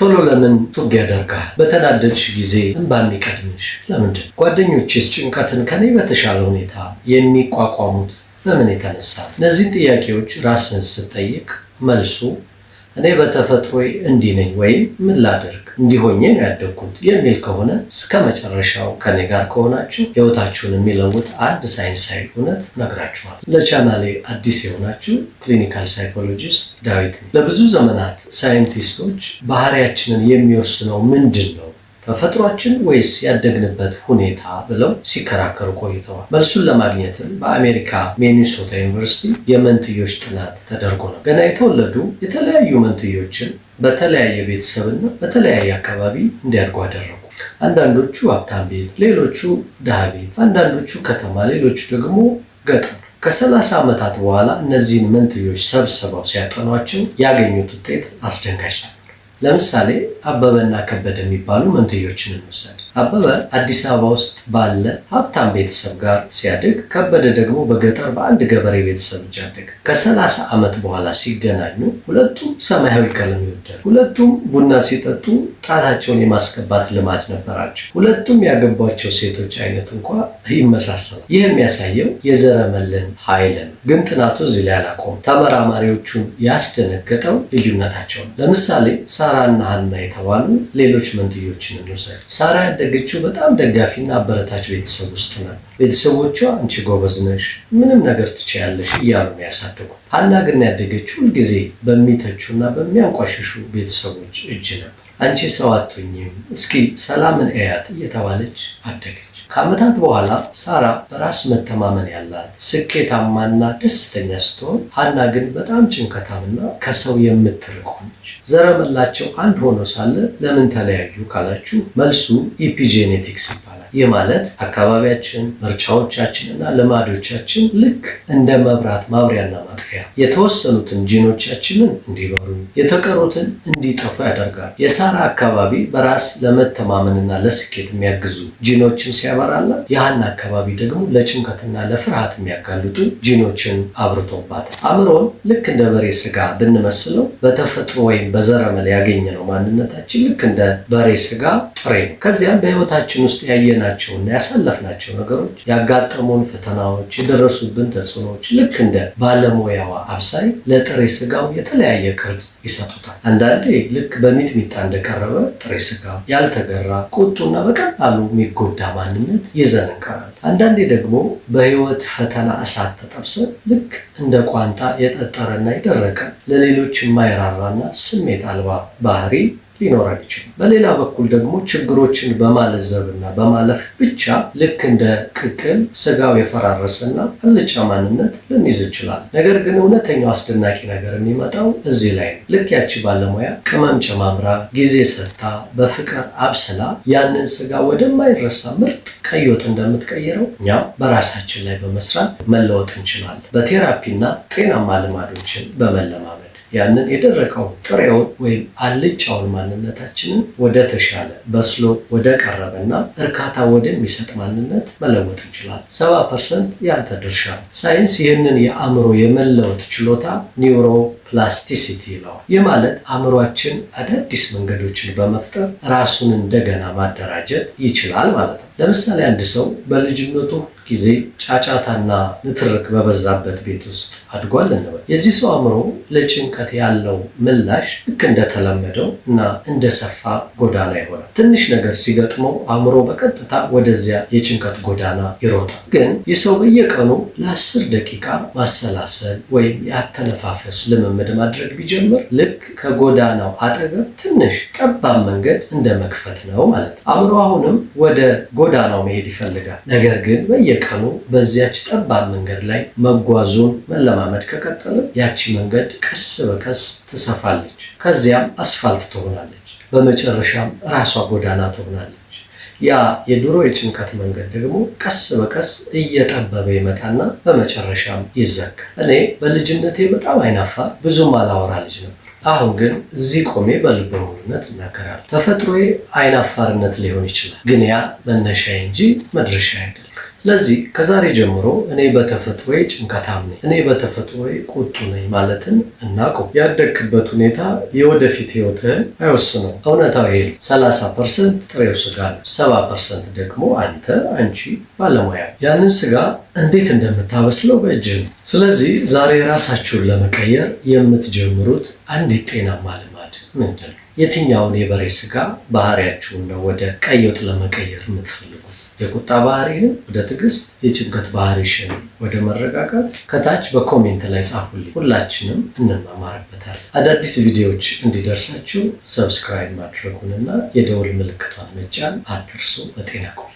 ቶሎ ለምን ጡግ ያደርጋል? በተናደድሽ ጊዜ እንባ የሚቀድምሽ ለምንድን? ጓደኞችስ ጭንቀትን ከኔ በተሻለ ሁኔታ የሚቋቋሙት በምን የተነሳ? እነዚህን ጥያቄዎች ራስን ስጠይቅ መልሱ እኔ በተፈጥሮ እንዲህ ነኝ ወይም ምን ላደርግ እንዲሆኜ ነው ያደግኩት የሚል ከሆነ እስከ መጨረሻው ከኔ ጋር ከሆናችሁ ህይወታችሁን የሚለውጥ አንድ ሳይንሳዊ እውነት ነግራችኋል። ለቻናሌ አዲስ የሆናችሁ ክሊኒካል ሳይኮሎጂስት ዳዊት። ለብዙ ዘመናት ሳይንቲስቶች ባህሪያችንን የሚወስነው ምንድን ነው በፈጥሯችን ወይስ ያደግንበት ሁኔታ ብለው ሲከራከሩ ቆይተዋል። መልሱን ለማግኘትም በአሜሪካ ሚኒሶታ ዩኒቨርሲቲ የመንትዮች ጥናት ተደርጎ ነው። ገና የተወለዱ የተለያዩ መንትዮችን በተለያየ ቤተሰብና በተለያየ አካባቢ እንዲያድጉ አደረጉ። አንዳንዶቹ ሀብታም ቤት፣ ሌሎቹ ድሃ ቤት፣ አንዳንዶቹ ከተማ፣ ሌሎቹ ደግሞ ገጠር። ከሰላሳ ዓመታት በኋላ እነዚህን መንትዮች ሰብስበው ሲያጠኗቸው ያገኙት ውጤት አስደንጋጭ ነው። ለምሳሌ አበበና ከበደ የሚባሉ መንትዮችን እንውሰድ። አበበ አዲስ አበባ ውስጥ ባለ ሀብታም ቤተሰብ ጋር ሲያድግ፣ ከበደ ደግሞ በገጠር በአንድ ገበሬ ቤተሰብ እጅ አደገ። ከሰላሳ ዓመት በኋላ ሲገናኙ ሁለቱም ሰማያዊ ቀለም ይወዳሉ። ሁለቱም ቡና ሲጠጡ ጣታቸውን የማስገባት ልማድ ነበራቸው። ሁለቱም ያገቧቸው ሴቶች አይነት እንኳ ይመሳሰላል። ይህ የሚያሳየው የዘረመልን ኃይል ነው። ግን ጥናቱ እዚህ ላይ አላቆም። ተመራማሪዎቹን ያስደነገጠው ልዩነታቸው ነው። ለምሳሌ ሳራና ሀና የተባሉ ሌሎች መንትዮችን እንውሰድ። ሳራ ያደገችው በጣም ደጋፊና አበረታች ቤተሰብ ውስጥ ነው። ቤተሰቦቿ አንቺ ጎበዝ ነሽ፣ ምንም ነገር ትችያለሽ እያሉ ነው ያሳደጉ። ሀና ግን ያደገችው ሁልጊዜ በሚተቹና በሚያንቋሽሹ ቤተሰቦች እጅ ነበር። አንቺ ሰው አትሆኝም፣ እስኪ ሰላምን እያት እየተባለች አደገች። ከዓመታት በኋላ ሳራ በራስ መተማመን ያላት ስኬታማና ደስተኛ ስትሆን፣ ሀና ግን በጣም ጭንከታምና ከሰው የምትርቅ ሆነች። ዘረመላቸው አንድ ሆኖ ሳለ ለምን ተለያዩ ካላችሁ መልሱ epigenetik sipariş. ይህ ማለት አካባቢያችን፣ ምርጫዎቻችን እና ልማዶቻችን ልክ እንደ መብራት ማብሪያና ማጥፊያ የተወሰኑትን ጂኖቻችንን እንዲበሩ የተቀሩትን እንዲጠፉ ያደርጋል። የሳራ አካባቢ በራስ ለመተማመንና ለስኬት የሚያግዙ ጂኖችን ሲያበራላ፣ የሀና አካባቢ ደግሞ ለጭንቀትና ለፍርሃት የሚያጋልጡ ጂኖችን አብርቶባታል። አእምሮን ልክ እንደ በሬ ስጋ ብንመስለው በተፈጥሮ ወይም በዘረመል ያገኘነው ማንነታችን ልክ እንደ በሬ ስጋ ጥሬ ነው። ከዚያም በህይወታችን ውስጥ ያየ እና ያሳለፍናቸው ነገሮች፣ ያጋጠሙን ፈተናዎች፣ የደረሱብን ተጽዕኖዎች ልክ እንደ ባለሙያዋ አብሳይ ለጥሬ ስጋው የተለያየ ቅርጽ ይሰጡታል። አንዳንዴ ልክ በሚጥሚጣ እንደቀረበ ጥሬ ስጋ ያልተገራ ቁጡና በቀላሉ የሚጎዳ ማንነት ይዘን እንቀራለን። አንዳንዴ ደግሞ በህይወት ፈተና እሳት ተጠብሰን ልክ እንደ ቋንጣ የጠጠረና የደረቀ ለሌሎች የማይራራና ስሜት አልባ ባህሪ ሊኖራል ይችላል። በሌላ በኩል ደግሞ ችግሮችን በማለዘብና በማለፍ ብቻ ልክ እንደ ቅቅል ስጋው የፈራረሰና አልጫ ማንነት ልንይዝ ይችላል። ነገር ግን እውነተኛው አስደናቂ ነገር የሚመጣው እዚህ ላይ ነው። ልክ ያቺ ባለሙያ ቅመም ጨማምራ ጊዜ ሰጥታ በፍቅር አብስላ ያንን ስጋ ወደማይረሳ ምርጥ ቀይ ወጥ እንደምትቀይረው እኛም በራሳችን ላይ በመስራት መለወጥ እንችላለን። በቴራፒና ጤናማ ልማዶችን በመለማመድ ያንን የደረቀው ጥሬውን ወይም አልጫውን ማንነታችንን ወደ ተሻለ በስሎ ወደ ቀረበና እርካታ ወደሚሰጥ ማንነት መለወጥ ይችላል። ሰባ ፐርሰንት ያንተ ድርሻ። ሳይንስ ይህንን የአእምሮ የመለወጥ ችሎታ ኒውሮ ፕላስቲሲቲ ይለዋል። ይህ ማለት አእምሯችን አዳዲስ መንገዶችን በመፍጠር ራሱን እንደገና ማደራጀት ይችላል ማለት ነው። ለምሳሌ አንድ ሰው በልጅነቱ ጊዜ ጫጫታና ንትርክ በበዛበት ቤት ውስጥ አድጓል እንበል። የዚህ ሰው አእምሮ ለጭንቀት ያለው ምላሽ ልክ እንደተለመደው እና እንደሰፋ ጎዳና ይሆናል። ትንሽ ነገር ሲገጥመው አእምሮ በቀጥታ ወደዚያ የጭንቀት ጎዳና ይሮጣል። ግን የሰው በየቀኑ ለአስር ደቂቃ ማሰላሰል ወይም የአተነፋፈስ ልምምድ ማድረግ ቢጀምር ልክ ከጎዳናው አጠገብ ትንሽ ጠባብ መንገድ እንደ መክፈት ነው ማለት ነው። አእምሮ አሁንም ወደ ጎዳናው መሄድ ይፈልጋል። ነገር ግን በየ በየቀኑ በዚያች ጠባብ መንገድ ላይ መጓዙን መለማመድ ከቀጠለ ያቺ መንገድ ቀስ በቀስ ትሰፋለች። ከዚያም አስፋልት ትሆናለች። በመጨረሻም ራሷ ጎዳና ትሆናለች። ያ የድሮ የጭንቀት መንገድ ደግሞ ቀስ በቀስ እየጠበበ ይመጣና በመጨረሻም ይዘጋ። እኔ በልጅነቴ በጣም አይናፋር፣ ብዙም አላወራ ልጅ ነበር። አሁን ግን እዚህ ቆሜ በልበ ሙሉነት እናገራለሁ። ተፈጥሮዬ አይናፋርነት ሊሆን ይችላል፣ ግን ያ መነሻዬ እንጂ መድረሻ አይደለም። ስለዚህ ከዛሬ ጀምሮ እኔ በተፈጥሮዬ ጭንቀታም ነኝ፣ እኔ በተፈጥሮዬ ቁጡ ነኝ ማለትን እናቁም። ያደግክበት ሁኔታ የወደፊት ህይወትህን አይወስነው። እውነታው ይሄ 30 ፐርሰንት ጥሬው ስጋ ነው። 70 ፐርሰንት ደግሞ አንተ አንቺ ባለሙያ ያንን ስጋ እንዴት እንደምታበስለው በእጅ ነው። ስለዚህ ዛሬ ራሳችሁን ለመቀየር የምትጀምሩት አንዲት ጤናማ ልማድ ምንድን ነው? የትኛውን የበሬ ስጋ ባህሪያችሁን ነው ወደ ቀይ ወጥ ለመቀየር የምትፈልጉት? የቁጣ ባህሪህን ወደ ትዕግስት፣ የጭንቀት ባህሪሽን ወደ መረጋጋት ከታች በኮሜንት ላይ ጻፉልኝ። ሁላችንም እንማማርበታል። አዳዲስ ቪዲዮዎች እንዲደርሳችሁ ሰብስክራይብ ማድረጉንና የደወል ምልክቷን መጫን አትርሱ። በጤና